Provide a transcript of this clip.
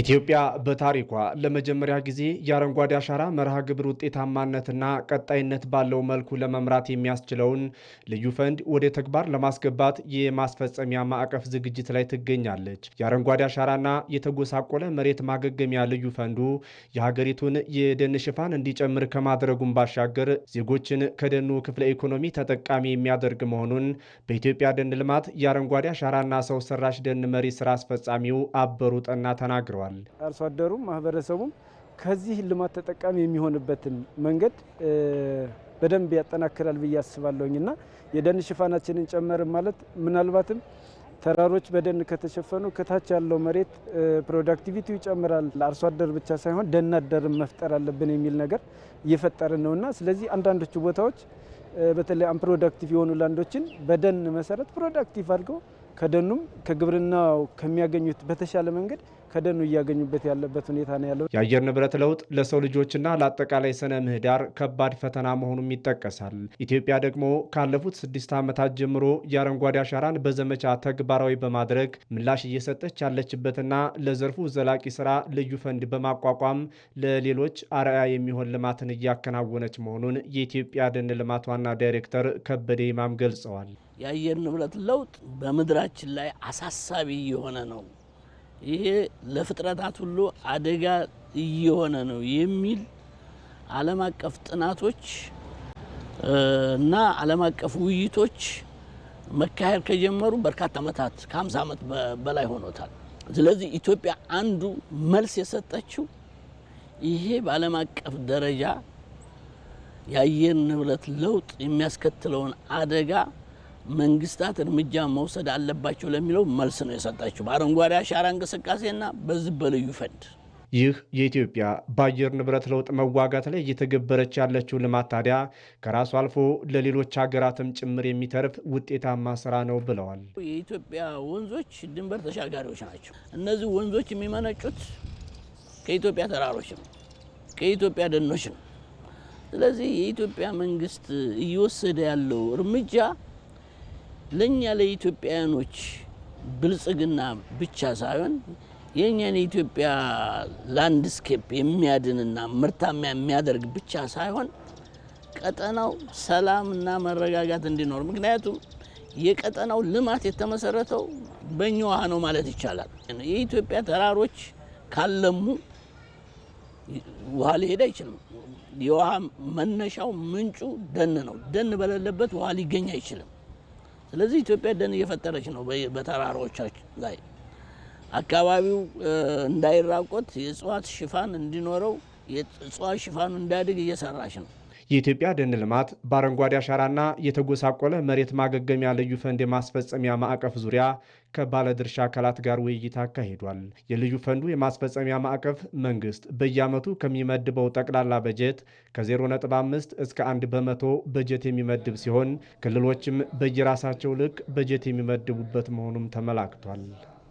ኢትዮጵያ በታሪኳ ለመጀመሪያ ጊዜ የአረንጓዴ አሻራ መርሃ ግብር ውጤታማነትና ቀጣይነት ባለው መልኩ ለመምራት የሚያስችለውን ልዩ ፈንድ ወደ ተግባር ለማስገባት የማስፈጸሚያ ማዕቀፍ ዝግጅት ላይ ትገኛለች። የአረንጓዴ አሻራና የተጎሳቆለ መሬት ማገገሚያ ልዩ ፈንዱ የሀገሪቱን የደን ሽፋን እንዲጨምር ከማድረጉን ባሻገር ዜጎችን ከደኑ ክፍለ ኢኮኖሚ ተጠቃሚ የሚያደርግ መሆኑን በኢትዮጵያ ደን ልማት የአረንጓዴ አሻራና ሰው ሰራሽ ደን መሪ ስራ አስፈጻሚው አበሩ ጠና ተናግረዋል። ቀርቧል። አርሶ አደሩም ማህበረሰቡም ከዚህ ልማት ተጠቃሚ የሚሆንበትን መንገድ በደንብ ያጠናክራል ብዬ አስባለሁኝ እና የደን ሽፋናችንን ጨመርን ማለት ምናልባትም ተራሮች በደን ከተሸፈኑ ከታች ያለው መሬት ፕሮዳክቲቪቲው ይጨምራል። ለአርሶ አደር ብቻ ሳይሆን ደን አደርን መፍጠር አለብን የሚል ነገር እየፈጠርን ነውና ስለዚህ አንዳንዶቹ ቦታዎች በተለይ አንፕሮዳክቲቭ የሆኑ ላንዶችን በደን መሰረት ፕሮዳክቲቭ አድርገው ከደኑም ከግብርናው ከሚያገኙት በተሻለ መንገድ ከደኑ እያገኙበት ያለበት ሁኔታ ነው ያለው። የአየር ንብረት ለውጥ ለሰው ልጆችና ለአጠቃላይ ስነ ምህዳር ከባድ ፈተና መሆኑም ይጠቀሳል። ኢትዮጵያ ደግሞ ካለፉት ስድስት ዓመታት ጀምሮ የአረንጓዴ አሻራን በዘመቻ ተግባራዊ በማድረግ ምላሽ እየሰጠች ያለችበትና ለዘርፉ ዘላቂ ስራ ልዩ ፈንድ በማቋቋም ለሌሎች አርአያ የሚሆን ልማትን እያከናወነች መሆኑን የኢትዮጵያ ደን ልማት ዋና ዳይሬክተር ከበደ ይማም ገልጸዋል። የአየር ንብረት ለውጥ በምድራችን ላይ አሳሳቢ እየሆነ ነው፣ ይሄ ለፍጥረታት ሁሉ አደጋ እየሆነ ነው የሚል ዓለም አቀፍ ጥናቶች እና ዓለም አቀፍ ውይይቶች መካሄድ ከጀመሩ በርካታ ዓመታት ከ50 ዓመት በላይ ሆኖታል። ስለዚህ ኢትዮጵያ አንዱ መልስ የሰጠችው ይሄ በዓለም አቀፍ ደረጃ የአየር ንብረት ለውጥ የሚያስከትለውን አደጋ መንግስታት እርምጃ መውሰድ አለባቸው ለሚለው መልስ ነው የሰጣቸው በአረንጓዴ አሻራ እንቅስቃሴና በዚህ በልዩ ፈንድ። ይህ የኢትዮጵያ በአየር ንብረት ለውጥ መዋጋት ላይ እየተገበረች ያለችው ልማት ታዲያ ከራሱ አልፎ ለሌሎች ሀገራትም ጭምር የሚተርፍ ውጤታማ ስራ ነው ብለዋል። የኢትዮጵያ ወንዞች ድንበር ተሻጋሪዎች ናቸው። እነዚህ ወንዞች የሚመነጩት ከኢትዮጵያ ተራሮች ነው፣ ከኢትዮጵያ ደኖች ነው። ስለዚህ የኢትዮጵያ መንግስት እየወሰደ ያለው እርምጃ ለእኛ ለኢትዮጵያውያኖች ብልጽግና ብቻ ሳይሆን የእኛን የኢትዮጵያ ላንድስኬፕ የሚያድንና ምርታማ የሚያደርግ ብቻ ሳይሆን ቀጠናው ሰላምና መረጋጋት እንዲኖር ምክንያቱም የቀጠናው ልማት የተመሰረተው በእኛ ውሃ ነው ማለት ይቻላል። የኢትዮጵያ ተራሮች ካለሙ ውሃ ሊሄድ አይችልም። የውሃ መነሻው ምንጩ ደን ነው። ደን በሌለበት ውሃ ሊገኝ አይችልም። ስለዚህ ኢትዮጵያ ደን እየፈጠረች ነው። በተራሮቻች ላይ አካባቢው እንዳይራቆት የእጽዋት ሽፋን እንዲኖረው የእጽዋት ሽፋኑ እንዲያድግ እየሰራች ነው። የኢትዮጵያ ደን ልማት በአረንጓዴ አሻራና የተጎሳቆለ መሬት ማገገሚያ ልዩ ፈንድ የማስፈጸሚያ ማዕቀፍ ዙሪያ ከባለድርሻ አካላት ጋር ውይይት አካሂዷል። የልዩ ፈንዱ የማስፈጸሚያ ማዕቀፍ መንግስት በየዓመቱ ከሚመድበው ጠቅላላ በጀት ከ0.5 እስከ 1 በመቶ በጀት የሚመድብ ሲሆን ክልሎችም በየራሳቸው ልክ በጀት የሚመድቡበት መሆኑም ተመላክቷል።